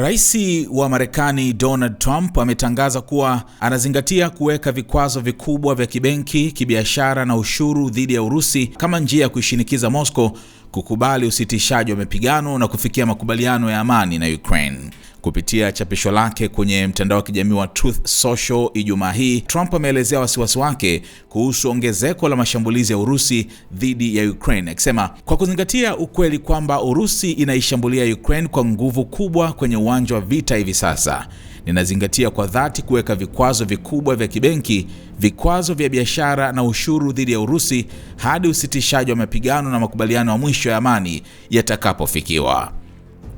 Rais wa Marekani Donald Trump ametangaza kuwa anazingatia kuweka vikwazo vikubwa vya kibenki, kibiashara na ushuru dhidi ya Urusi kama njia ya kuishinikiza Moscow kukubali usitishaji wa mapigano na kufikia makubaliano ya amani na Ukraine. Kupitia chapisho lake kwenye mtandao wa kijamii wa Truth Social Ijumaa hii, Trump ameelezea wasiwasi wake kuhusu ongezeko la mashambulizi ya Urusi dhidi ya Ukraine, akisema kwa kuzingatia ukweli kwamba Urusi inaishambulia Ukraine kwa nguvu kubwa kwenye uwanja wa vita hivi sasa ninazingatia kwa dhati kuweka vikwazo vikubwa vya kibenki, vikwazo vya biashara na ushuru dhidi ya Urusi hadi usitishaji wa mapigano na makubaliano ya mwisho ya amani yatakapofikiwa.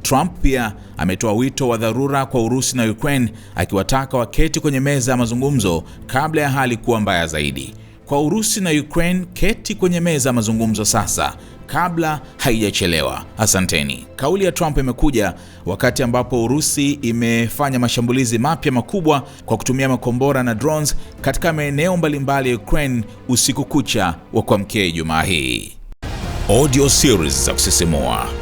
Trump pia ametoa wito wa dharura kwa Urusi na Ukraine akiwataka waketi kwenye meza ya mazungumzo kabla ya hali kuwa mbaya zaidi. Kwa Urusi na Ukraine, keti kwenye meza ya mazungumzo sasa kabla haijachelewa. Asanteni. Kauli ya Trump imekuja wakati ambapo Urusi imefanya mashambulizi mapya makubwa kwa kutumia makombora na drones katika maeneo mbalimbali ya Ukraine usiku kucha wa kuamkia Ijumaa hii. Audio series za kusisimua